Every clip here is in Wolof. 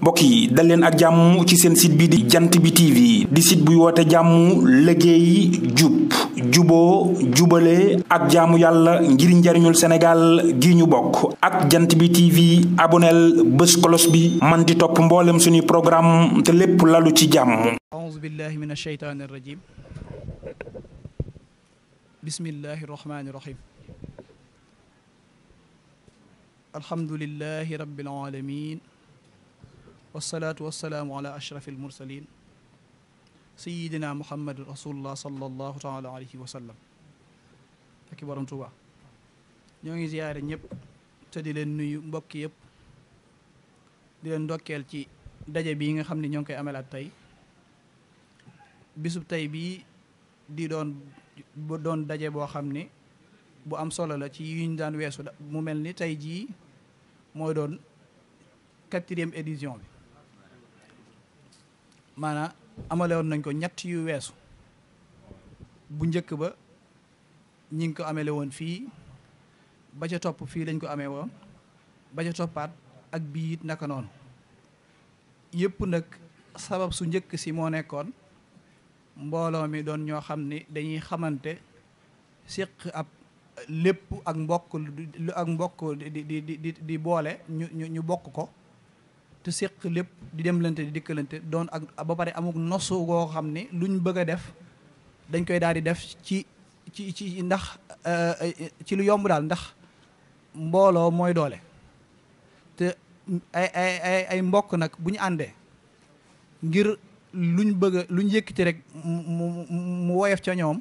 mbokk yi dal leen ak jàmm ci seen sit bi di jant bi TV di site buy woote jàmm liggéey jub juboo jubale ak jaamu yàlla ngir njariñul Sénégal gi ñu bokk ak jant bi TV aboneel bés kolos bi man di topp mboolem suñuy programme te lépp lalu ci jàmm aouzu billahi min asheytaani rajim bismillahi rahmaani والصلاة والسلام على أشرف المرسلين سيدنا محمد رسول الله صلى الله تعالى عليه وسلم تكي بارون توبا نيوغي زيارة نيب تدي نيو مبوكي يب دي دوكيال تي داجة بيغا خمني نيوغ كي أمال التاي بسوب تاي بي دي دون دون داجة بو بو أم صلى الله تي يون دان ويسو مملني تاي جي مو دون 4e édition maanaam amalewoon nañ ko ñett yu weesu bu njëkk ba ñi ngi ko amele woon fii ba ca topp fii lañ ko amee woon ba ca toppaat ak biit naka noonu yépp nag sabab su njëkk si moo nekkoon mbooloo mi doon ñoo xam ni dañuy xamante siq ab lépp ak mbokk ak mbokk di di di di boole ñu ñu bokk ko te séq lépp di demlante di dikkalante doon ak ba pare amuk nosu goo xam ne luñ bëgg a def dañ koy daal di def ci ci ci ndax euh, euh, ci lu yomb daal ndax mbooloo mooy doole te ay ay mbokk nag bu ñu àndee ngir luñ bëgg a luñ yëkkati rek mu mu woyof ca ñoom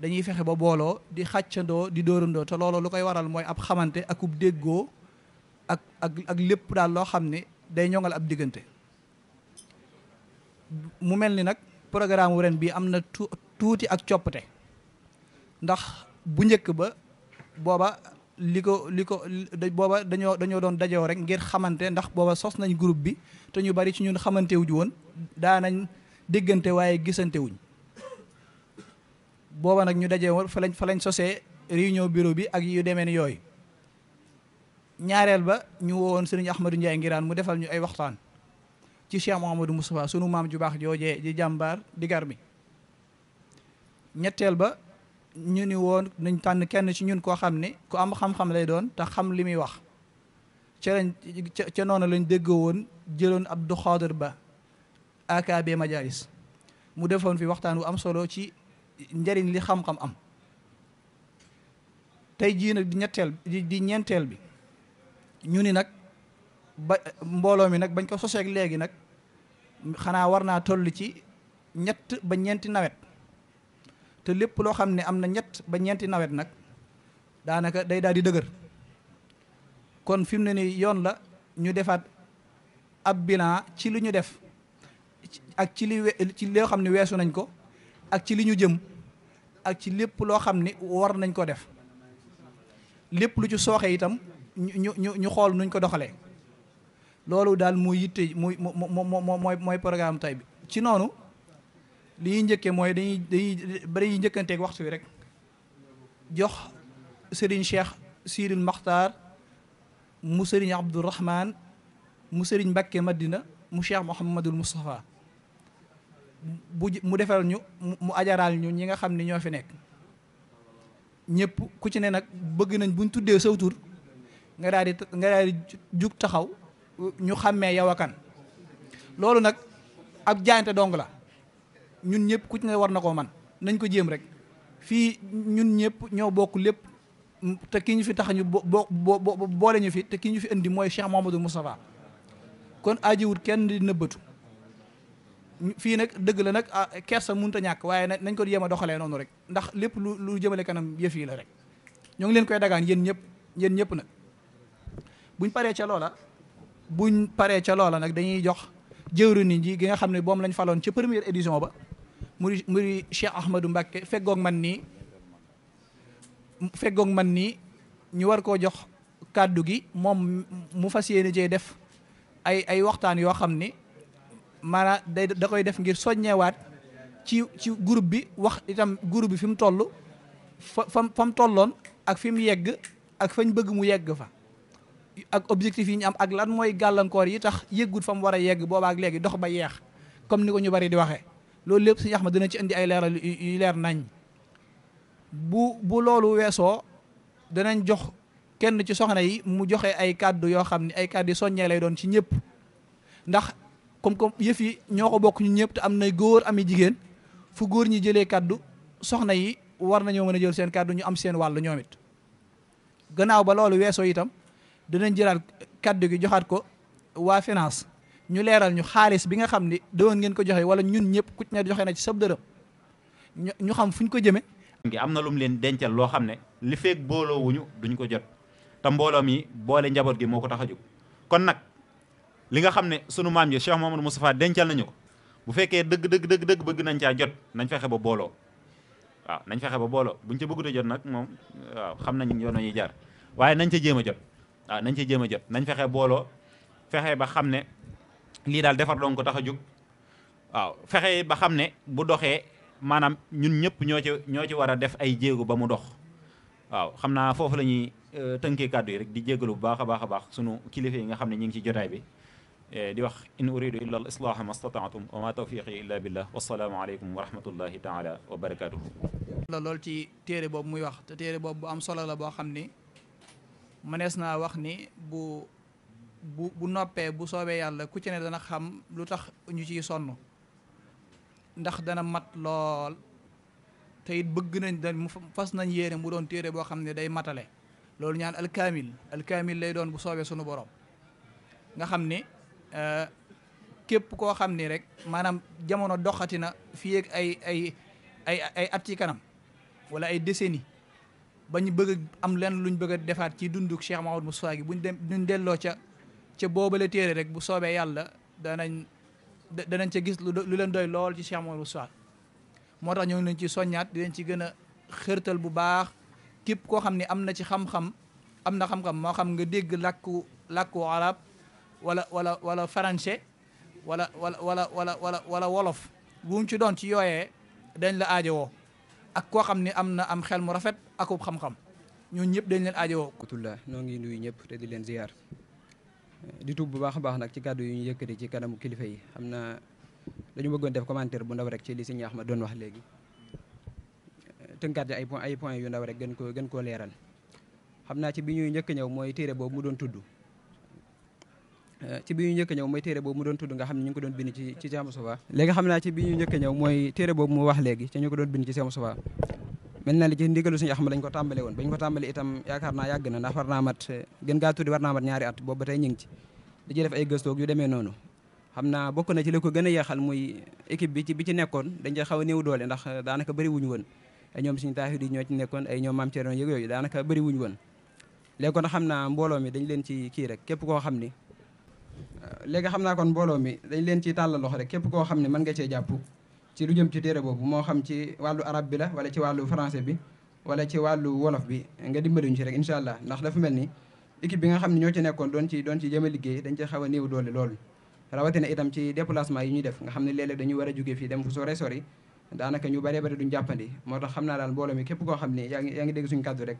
dañuy fexe ba booloo di xàccandoo di dóorandoo te loolu lu koy waral mooy ab xamante akub déggoo ak ak ak lépp daal loo xam ne day ñoŋal ab diggante mu mel ni nag programme wu ren bii am na tuuti ak coppte ndax bu njëkk ba booba li ko li ko booba dañoo dañoo doon dajoo rek ngir xamante ndax booba sos nañ groupe bi te ñu bari ci ñun xamante wuñ woon daanañ diggante waaye gisantewuñ wuñ booba nag ñu dajee woon fa lañ fa lañ sosee réunion bureau bi ak yu demee ni yooyu ñaareel ba ñu woowoon sëriñ Ahmadou Ndiaye ngiraan mu defal ñu ay waxtaan ci Cheikh Mouhamadou Moustapha sunu maam ju baax joojee di jàmbaar di gar ñetteel ba ñu ni woon nañ tànn kenn ci ñun koo xam ne ku am xam-xam lay doon te xam li muy wax ca ca noonu lañ déggoo woon jëloon Abdou Khadir Ba AKB Majalis mu defoon fi waxtaan wu am solo ci njariñ li xam-xam am tey jii di ñetteel di ñeenteel bi ñu ni nag ba mbooloo mi nag bañ ko soseeg léegi nag xanaa war naa toll ci ñett ba ñeenti nawet te lépp loo xam ne am na ñett ba ñeenti nawet nag daanaka day daal di dëgër kon fi mu ne nii yoon la ñu defaat ab bilan ci li ñu def ak ci li ci loo xam ne weesu nañ ko ak ci li ñu jëm ak ci lépp loo xam ne war nañ ko def lépp lu ci sooxe itam ñu ñu ñu xool nuñ ko doxale lolu dal muy yitte moy moy moy programme tay bi ci nonu li ñuy njëkkee mooy dañuy dañuy bari yi ak waxtu rek jox Serigne Cheikh sirin Makhtar mu Serigne Abdourahman mu Serigne mbacke Madina mu Cheikh mohammedul mustafa mu defal ñu mu ajaraal ñu ñi nga xamni ñofi nek ñepp ku ci ne nak bëgg nañ buñ tuddé sawtur nga daal di nga daal di taxaw ñu xàmmee yow akan loolu nag ab jaayante dong la ñun ñëpp ku ci ne war na koo man nañ ko jéem rek fii ñun ñëpp ñoo bokk lépp te ki ñu fi tax ñu bo bo boole ñu fi te ki ñu fi indi mooy Cheikh Mouhamadou Moustapha kon ajiwut kenn di nëbbatu fii nag dëgg la nag ah, kersa mënut a ñàkk waaye nañ ko jéem a doxalee noonu rek ndax lépp lu lu jëmale kanam yëf la rek ñoo ngi leen koy dagaan yéen ñëpp yéen ñëpp nag buñ paré ci lola buñ paré ci lola nak dañuy jox nit ñi gi nga xamné bom lañ falon ci première édition ba muri muri Cheikh Ahmadou Mbacké feggoog man ni feggoog man ni ñu war ko jox kaddu gi mom mu fasiyene jey def ay ay waxtaan yo xam mara da koy def ngir soññewaat ci ci groupe bi wax itam groupe bi fim tollu fam fam tollon ak fim yegg ak fañ bëgg mu yegg fa ak objectif yi ñu am ak lan mooy gàllankoor yi tax yëggut fa mu war a yegg boobaak léegi dox ba yeex comme ni ko ñu bari di waxee loolu lépp suñu ma dana ci indi ay leeral yu leer nañ bu bu loolu weesoo danañ jox kenn ci soxna yi mu joxe ay kàddu yoo xam ne ay kàddu soññee lay doon ci ñëpp ndax kom kom yëf yi ñoo ko bokk ñu ñëpp te am na góor ami jigéen fu góor ñi jëlee kàddu soxna yi war nañoo mën a jël seen kàddu ñu am seen wàll ñoom it gannaaw ba loolu weesoo itam dinañ jëlaat kaddu gi joxaat ko waa finance ñu leeral ñu xaalis bi nga xam ni doon ngeen ko joxe wala ñun ñëpp ku ci ne joxe nañ ci sab dërëm ñu xam fu ñu ko jëme ngi am na lu leen dencal loo xam ne li feeg booloo wuñu duñ ko jot te mbooloo mi boole njaboot gi moo ko tax a jóg kon nag li nga xam ne sunu maam yi Cheikh Mamadou Moustapha dencal nañu ko bu fekkee dëgg dëgg dëgg dëgg bëgg nañ caa jot nañ fexe ba booloo waaw nañ fexe ba booloo buñ ci bëggut a jot nag moom waaw xam nañ yoon ñuy jaar waaye nañ ca jéem a jot waaw ah, nañ ci jéem a fexe booloo fexe ba xam ne lii daal defar doon tax a jóg waaw fexe ba xam ne bu doxee maanaam ñun ñëpp ñoo ci ñoo ci war a def ay jéego ba mu dox waaw xam naa foofu la ñuy euh, tënkee kàddu yi di jégalu bu baax a baax a baax sunu kilifa yi nga xam ne ñu ngi ci jotaay bi eh, di wax in uridu illa al islaaha ma stataatum wa ma tawfiqi illa billah wasalaamu aleykum wa rahmatullahi taala wa lool ci téere boobu muy wax te téere boobu bu am solo boo xam ni mënees naa wax ni bu bu bu noppee bu soobee yàlla ku ci ne dana xam lu tax ñu ciy sonn ndax dana mat lool te bëgg nañ da fas nañ yéene mu doon téere boo xam ne day matale loolu ñaan alkaamil alkaamil lay doon bu soobee sunu borom nga xam ni euh, képp koo xam ni rek maanaam jamono doxatina fii ak ay ay ay ay kanam wala ay décennies ba ñu bëgg am lenn luñ bëgg defaat ci dunduk Cheikh Mahmoud Moustapha gi buñ dem buñ delloo ca ca boobale téere rek bu soobee yàlla danañ danañ ca gis lu leen doy lool ci Cheikh Mahmoud moo tax ñëw nañ ci soññaat di leen ci gën a xërtal bu baax képp koo xam ne am na ci xam-xam am na xam moo xam nga dégg lakku làkku arab wala wala wala français wala wala wala wala wala wala wolof bu ci doon ci yooye dañ la aajowoo ak koo xam ne am na am xel mu rafet akub xam-xam ñooñu ñëpp dañ leen aajowoo. kutulaa noo ngi nuyu ñëpp te di leen ziar eh, di tuub bu baax a baax nag ci kàddu yu ñu yëkkati ci kanamu kilifa yi xam na dañu bëggoon def commentaire bu ndaw rek ci li si ñaax ma doon wax léegi eh, tënkaat ay point ay point yu ndaw rek gën koo gën koo leeral xam naa ci bi ñuy njëkk ñëw mooy téere boobu mu doon tudd eh, ci bi ñuy njëkk ñëw mooy mu doon tudd nga xam ne ñu ngi ko doon bind ci ci Cheikh Moustapha léegi xam naa ci bi ñuy njëkk ñëw mooy téere boobu mu wax léegi ci ñu ko doon bind ci Cheikh Moustapha mel na li ci ndigalu suñu axma lañ ko tàmbale woon bañ ko tàmbale itam yaakaar naa yàgg na ndax war naa gën gaa tuddi war naa mat ñaari at boobu ba tey ñu ngi ci di ci def ay gëstoog yu deme noonu xam naa bokk na ci li ko gën a yeexal muy équipe bi ci bi ci nekkoon dañ cee xaw a néew doole ndax daanaka bëri wuñu woon ay ñoom suñu taaxi di ñoo ci nekkoon ay ñoom maam Thierno yooyu daanaka bëri woon léegi kon xam naa mbooloo mi dañ leen ci kii rek képp koo xam ni léegi xam naa kon mbooloo mi dañ leen ci tàllal loxo rek képp koo xam ne mën nga cee jàpp ci lu jëm ci téere boobu moo xam ci wàllu arab bi la wala ci wàllu français bi wala ci wàllu wolof bi nga dimbaliñu ci rek incha allah ndax dafa mel ni équipe bi nga xam ne ñoo ci nekkoon doon ci doon ci jëm liggéey dañ ci xaw a néew doole loolu ci déplacement yi ñuy def nga xam ne léeg-léeg dañuy war a jóge fii dem fu sore sori daanaka ñu bare bare duñ jàppandi moo tax xam naa daal mbooloo mi képp koo xam ne yaa ngi yaa ngi dégg suñu kàddu rek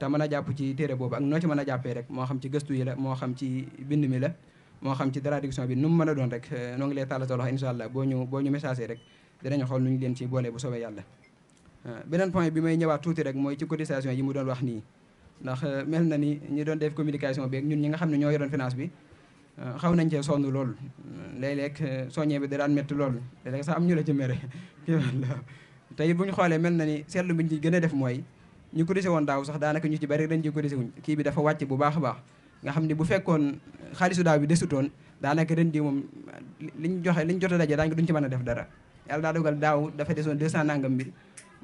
te mën a jàpp ci téere boobu ak noo ci mën a jàppee rek moo xam ci gëstu yi la moo xam ci bind mi la moo xam ci traduction bi nu mu mën a doon rek eh, noo ngi lay tàllatal wax incha allah boo ñu boo ñu message rek dinañu xool nu ñu leen ci boole bu soobee yàlla ah, beneen point bi may ñëwaat tuuti rek mooy ci cotisation yi mu doon wax nii ndax ah, mel na ni ñu doon def communication beeg ñun ñi nga xam ne ñoo yoroon finance bi ah, xaw nañ cee sonn loolu lay léeg soññee bi da daan métti lool léeg-léeg sax am ñu la ci mere te it bu ñu xoolee mel na ni seetlu bi ñu gën a def mooy ñu cotisé woon daaw sax daanaka ñu ci bari dañ ci cotisé kii bi dafa wàcc bu baax a baax nga xam ni bu fekkoon xaalisu daaw bi desutoon daanaka ren jii moom liñ joxe liñ jot a daje daañu duñ ci mën a def dara yàlla daa dogal daaw dafa desoon 200 nangam bi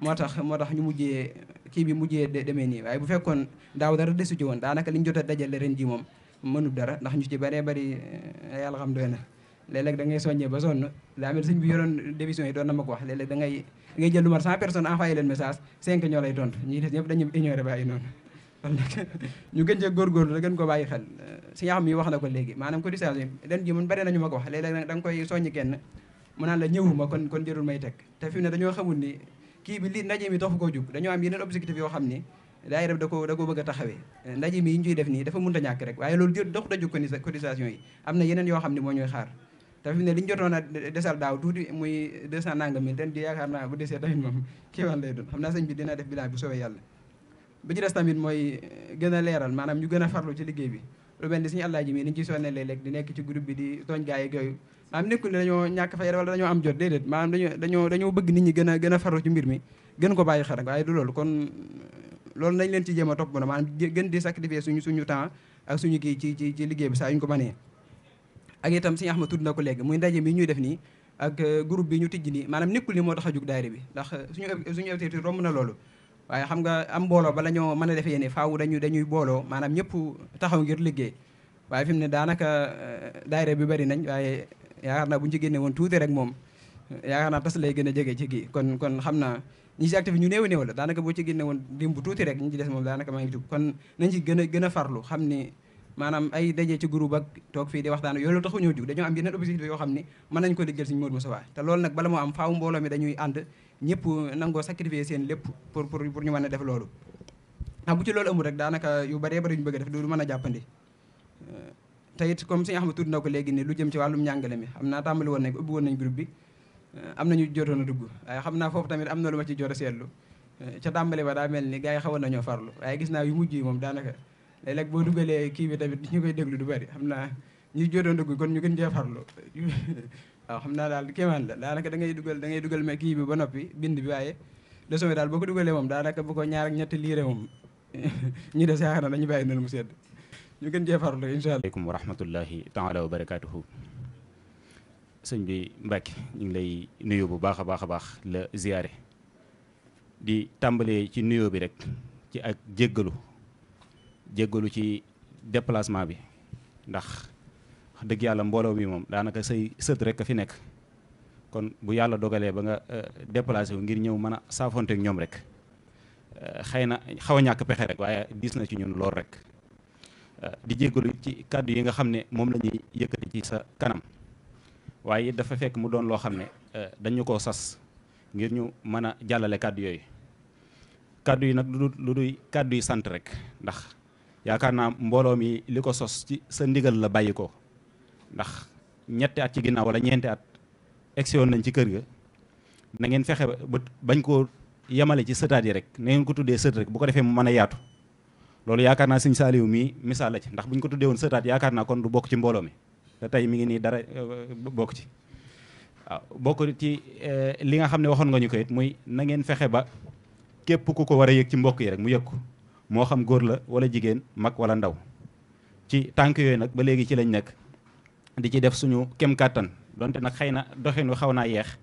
moo tax moo tax ñu mujjee kii bi mujjee demee nii waaye bu fekkoon daaw dara desu ci woon daanaka li ñu jot a dajale ren ji moom mënul dara ndax ñu ci baree bari eh, yàlla xam doy na léeg-léeg da ngay soññee ba sonn daa mel sëñ bi yoroon démission yi doon na ko wax léeg-léeg da ngay da ngay jël lu leen message 5 ñoo lay ñi des ñëpp dañu ignoré bàyyi noonu kon nag ñu gën cee góorgóorlu da gën ko bàyyi xel eh, si nga mi wax na ko léegi maanaam cotisation yi ren ji mun bari nañu ma ko wax léeg-léeg da nga koy soññ kenn mu naan la ñëwuma kon kon jërul may teg te fi mu ni kii bi li ndaje mi taxu koo jug dañoo am yeneen objectif yoo xam ni daayira da ko ko bëgg a taxawee ndaje ñu ciy def nii dafa mënta ñàkk rek waaye loolu jë dox daju cotisation yi am na yeneen yoo xam ne moo ñuy xaar te fi jotoon a desal daaw tuuti muy 200 nangam mille ten di yaakaar naa bu desee tamit moom kéewan lay doon xam bi dina def bilan bu soobee yàlla bi ci des tamit mooy eh, gën a leeral maanaam ñu gën a farlu ci liggéey bi lu mel ni suñu àllaa ji mii ni ñu ciy sonnee di nekk ci groupe bi di tooñ gaay yooyu maanaam nekkul ne dañoo ñàkk fay wala dañoo am jot déedéet maanaam dañoo dañoo dañoo bëgg nit ñi gën a gën a farlu ci mbir mi gën ko bàyyi xel rek waaye du loolu kon euh, loolu nañ leen ci jéem a topp na maanaam gën di sacrifier suñu suñu temps ak kii ci ci ci liggéey bi saa yu ñu ko mënee ak itam suñu Ahmad tudd na ko léegi muy ndaje mi ñuy def nii ak euh, groupe bi ñu tijj nii maanaam nekkul ni moo tax a jug daayira bi ndax euh, suñu suñu activité romb na loolu waaye xam nga am mbooloo bala ñoo mën a defee ne faaw dañu dañuy booloo maanaam ñëpp taxaw ngir liggéey waaye fi mu ne daanaka daayira bi bari nañ waaye yaakaar naa bu ñu ci woon tuuti rek moom yaakaar naa tas lay gën a jege ci kii kon kon xam naa ñi ci actif ñu néew néew la daanaka boo ci génne woon lim bu tuuti rek ñi ci des moom daanaka maa ngi a gën a farlu xam ni maanaam ay daje ci groupe fii di waxtaan yooyu taxu ñoo jug dañoo am yeneen ni mën nañ ko liggéeyal suñu Modou Moustapha te loolu nag bala moo am faaw mbooloo mi ñëpp nangoo sacrifier seen lépp pour pour pour ñu mën a def loolu ndax bu ci loolu amul rek daanaka yu bëree bëri ñu bëgg def du mën a jàppandi te it comme si nga xam ne tudd na ko léegi nii lu jëm ci wàllum njàngale mi xam naa tàmbali woon nañ ko ubbi woon nañ groupe bi eh, am ñu jotoon a dugg waaye xam naa foofu tamit am na lu ma ci jot a seetlu eh, ca tàmbali ba daa mel ni gaa yi xawoon nañoo farlu waaye gis naa yu mujj yi moom daanaka léeg-léeg boo dugalee kii bi tamit ñu koy déglu du bari xam naa ñu jotoon dugg kon ñu gën cee farlu waaw xam naa daal kéemaan la daanaka da ngay dugal dangay ngay dugal ma kii bi ba noppi bind bi waaye leçon bi boo ko dugalee moom daanaka bu ko ñaar ak ñetti liire moom ñu des yaakaar na dañu bàyyi nel mu sedd ñu gën cee farlu incha allah. aleykum wa rahmatullahi taala wa barakaatuhu. sëñ bi Mbacke ñu lay nuyu bu baax a baax a baax la ziyaare di tàmbalee ci nuyoo bi rek ci ak jéggalu jéggalu ci déplacement bi ndax wax dëgg yàlla mbooloo bi moom daanaka say sët rek a fi nekk kon bu yàlla dogalee ba nga euh, déplacé wu ngir ñëw mën a saafonteek ñoom rek euh, xëy na xaw a ñàkk pexe rek waaye diis na ci ñun lool rek di jéggalu ci kàddu yi nga xam ne moom la ñuy yëkkati ci sa kanam waaye dafa fekk mu doon loo xam ne euh, dañu koo sas ngir ñu mën a jàllale kàddu yooyu kàddu yi nag lu lu duy kàddu yi sant rek ndax yaakaar naa mbooloo mi li ko sos ci sa ndigal la bàyyi ko ndax ñetti at ci ginnaaw wala ñeenti at egsi woon nañ ci kër ga na ngeen fexe ba bañ koo yemale ci sëtaat yi rek na ngeen ko tuddee sët rek bu ko defee mu mën a yaatu loolu yaakaar naa sëñ Saaliw mii misaal la ci ndax bu ñu ko tuddee woon sëtaat yaakaar naa kon du bokk ci mbooloo mi te tey mi ngi nii dara euh, bokk ci waaw bokk ci euh, li nga xam ne waxoon nga ñu koyit muy na ngeen fexe ba képp ku ko war a yëg ci mbokk yi mu yëg ko moo xam góor la wala jigéen mag wala ndaw ci tànk yooyu nag ba léegi ci lañ nekk di ci def suñu kem kàttan donte nag xëy na doxin wi xaw naa yeex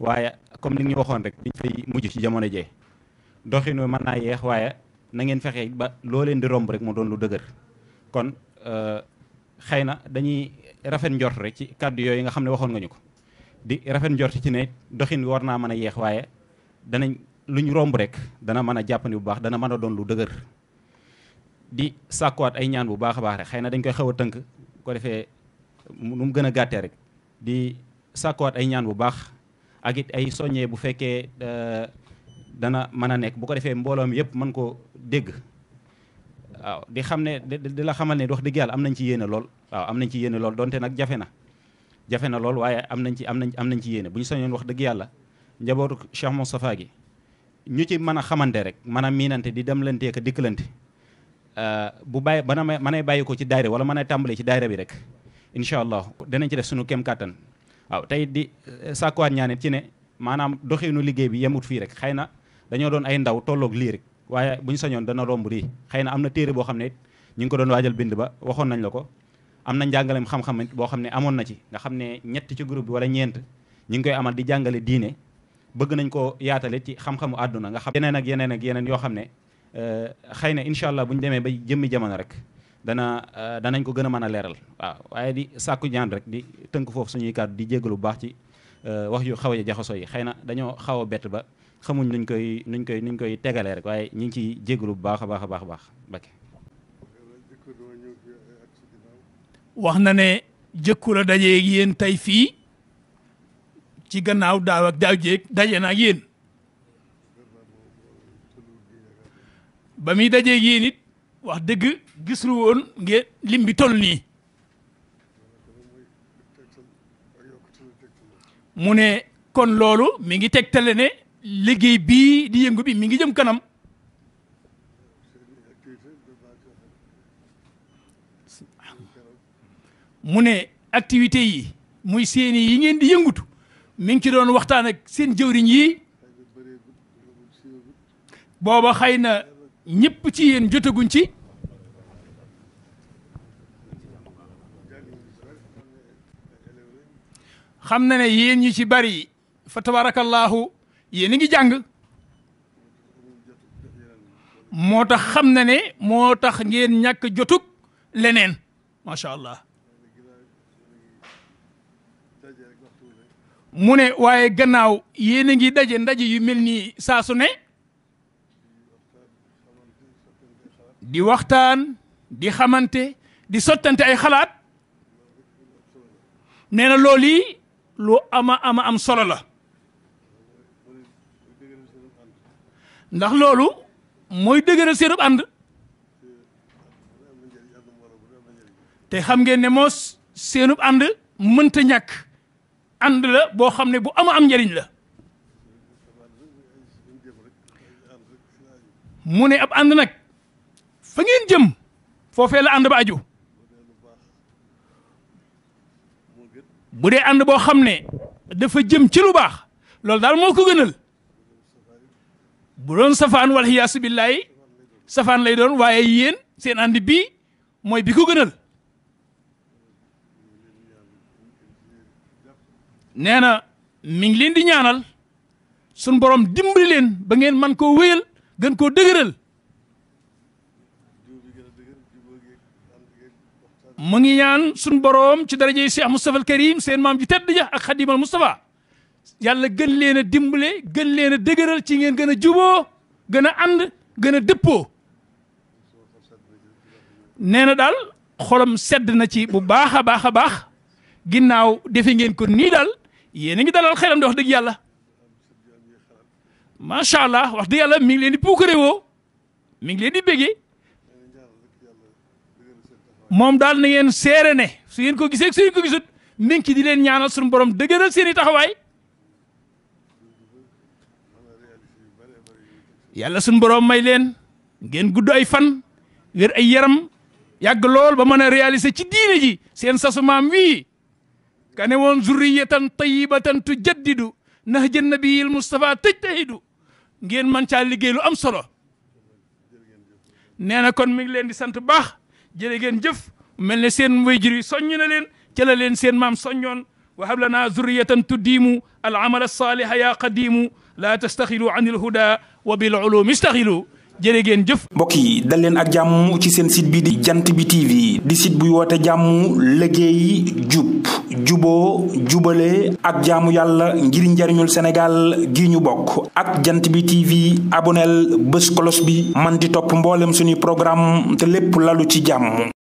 waaye comme ni ñu waxoon rek dañ fay mujj ci jamono jee doxin wi mën naa yeex waaye na ngeen fexé ba lo leen di romb rek mo doon lu kon euh xeyna dañuy rafet njort rek ci kàddu yoy nga xamne ne nga ñuko di rafet njort ci ne doxin warna mëna yeex waye danañ romb rek dana mëna a jàppandi bu baax dana mëna don doon lu di sakkuat ay ñaan bu baax baax rek xeyna dañ koy xewu teunk ko defé num gëna gën rek di sakkuat ay ñaan bu baax ak ay soñé bu euh dana mën a nekk bu ko defee mbooloo mi yëpp mën koo dégg waaw di xam ne di la xamal ne wax dëgg yàlla am nañ ci yéene lool waaw am nañ ci yéene lool donte nag jafe na jafe na lool waaye am nañ ci am nañ am nañ ci yéene bu ñu sañoon wax dëgg yàlla njabootu Cheikh Moustapha gi ñu ci mën a xamante rek mën a miinante di demlante ak dikkalante euh, bu bàyyi bana ma mën a bàyyi ko ci daayira wala mën a tàmbalee ci daayira bi rek incha allah danañ ci def suñu kem kàttan waaw tey di euh, sàkkuwaat ñaanit ci ne maanaam doxinu liggéey bi yemut fii rek xëy na dañoo doon ay ndaw tolloog lii rek waaye bu ñu sañoon dana romb lii xëy na am na téere boo xam ne ñu ngi ko doon waajal bind ba waxoon nañ la ko am na njàngaleem xam-xam boo xam ne amoon na ci nga xam ne ñett ci groupe bi wala ñeent ñu ngi koy amal di jàngale diine bëgg nañ ko yaatale ci xam-xamu àdduna nga xam yeneen ak yeneen ak yeneen yoo xam ne euh, xëy na incha allah bu ñu demee ba jëmmi jamono rek dana euh, danañ ko gën a mën a leeral waaw waaye di sàkku ñaan rek di tënk foofu suñuy kàddu di jégalu bu baax ci euh, wax yu xaw a jaxasoo yi xëy na dañoo xaw bett ba xamuñ nuñ koy nuñ koy nuñ koy tegalee rek waaye ñu ngi ciy jégalu bu baax a baax a baax a baax Mbacké wax na ne jëkku la dajee ak yéen tey fii ci gannaaw daaw ak daaw jéeg daje naa ak yéen ba muy dajee ak wax dëgg gisul woon ngeen lim bi toll nii mu ne kon loolu mi ngi tegtale ne liggéey bii di yëngu bi mi ngi jëm kanam mu ne activité yi muy seeni yi ngeen di yëngutu mi ngi ci doon waxtaan seen jëwriñ yi booba xay na ñëpp ci yéen jotaguñ ci xam na ne yéen ñu ci bari fa tabarakallahu yéen a ngi jàng moo tax xam na ne moo tax ngeen ñàkk jotug leneen macha allah mu ne waaye gannaaw yéen a ngi daje ndaje yu mel nii saa ne di waxtaan di xamante di sottante ay xalaat neena looli loolu yi lu ama ama am solo la ndax loolu mooy dëgëral seenub ànd te xam ngeen ne moo seenub ànd mënta ñàkk ànd la boo xam ne bu ama am njariñ la mu ne ab ànd nag fa ngeen jëm foofee la ànd ba aju bu dee ànd boo xam ne dafa jëm ci lu baax loolu daal moo ko gënal bu doon safaan wal xiyaasu billaay safaan lay doon waaye yéen seen ànd bi mooy bi ko gënal nee na mi ngi leen di ñaanal sun borom dimbali leen ba ngeen man koo wéyal gën koo dëgëral mu ngi sun borom ci darajey Cheikh Moustapha al Karim seen maam ji tedd ja ak yàlla gën leen a dimbale gën leen a dëgëral ci ngeen gën a juboo gën a ànd gën a dëppoo nee na daal xolam sedd na ci bu baax a baax a baax ginnaaw defe ngeen ko nii daal yéen a ngi dalal xelam di wax dëgg yàlla macha allah wax dëgg yàlla mi ngi leen di puukare woo mi ngi leen di béggee moom daal na ngeen seere ne su ngeen ko gisee su ngeen ko gisut mi ngi ci di leen ñaanal suñu borom dëgëral seen i taxawaay yàlla sun borom may leen ngeen gudd ay fan wér ay yaram yàgg lool ba mën a réaliser ci diine ji seen sasu maam wii kane woon zurriyatan tayyibatan tujaddidu nahja nabiyil Mustafa tajtahidu ngeen man caa liggéey lu am solo nee na kon mi ngi leen di sant baax jërë geen jëf mel ne seen wayjur yi soññ na leen ca leen seen maam soññoon wa hab lana zurriyatan tuddiimu al amala saaliha yaa qadiimu laa tastaxilu an il huda wa bil ulumi istaxilu jërë ngeen jëf. mbokk yi dal leen ak jàmm ci seen site bi di jant bi TV di site buy woote jàmm liggéey jub juboo jubale ak jaamu yàlla ngir njariñul Sénégal gi ñu bokk ak jant bi TV aboneel bés kolos bi man di topp mboolem suñuy programme te lépp lalu ci jàmm.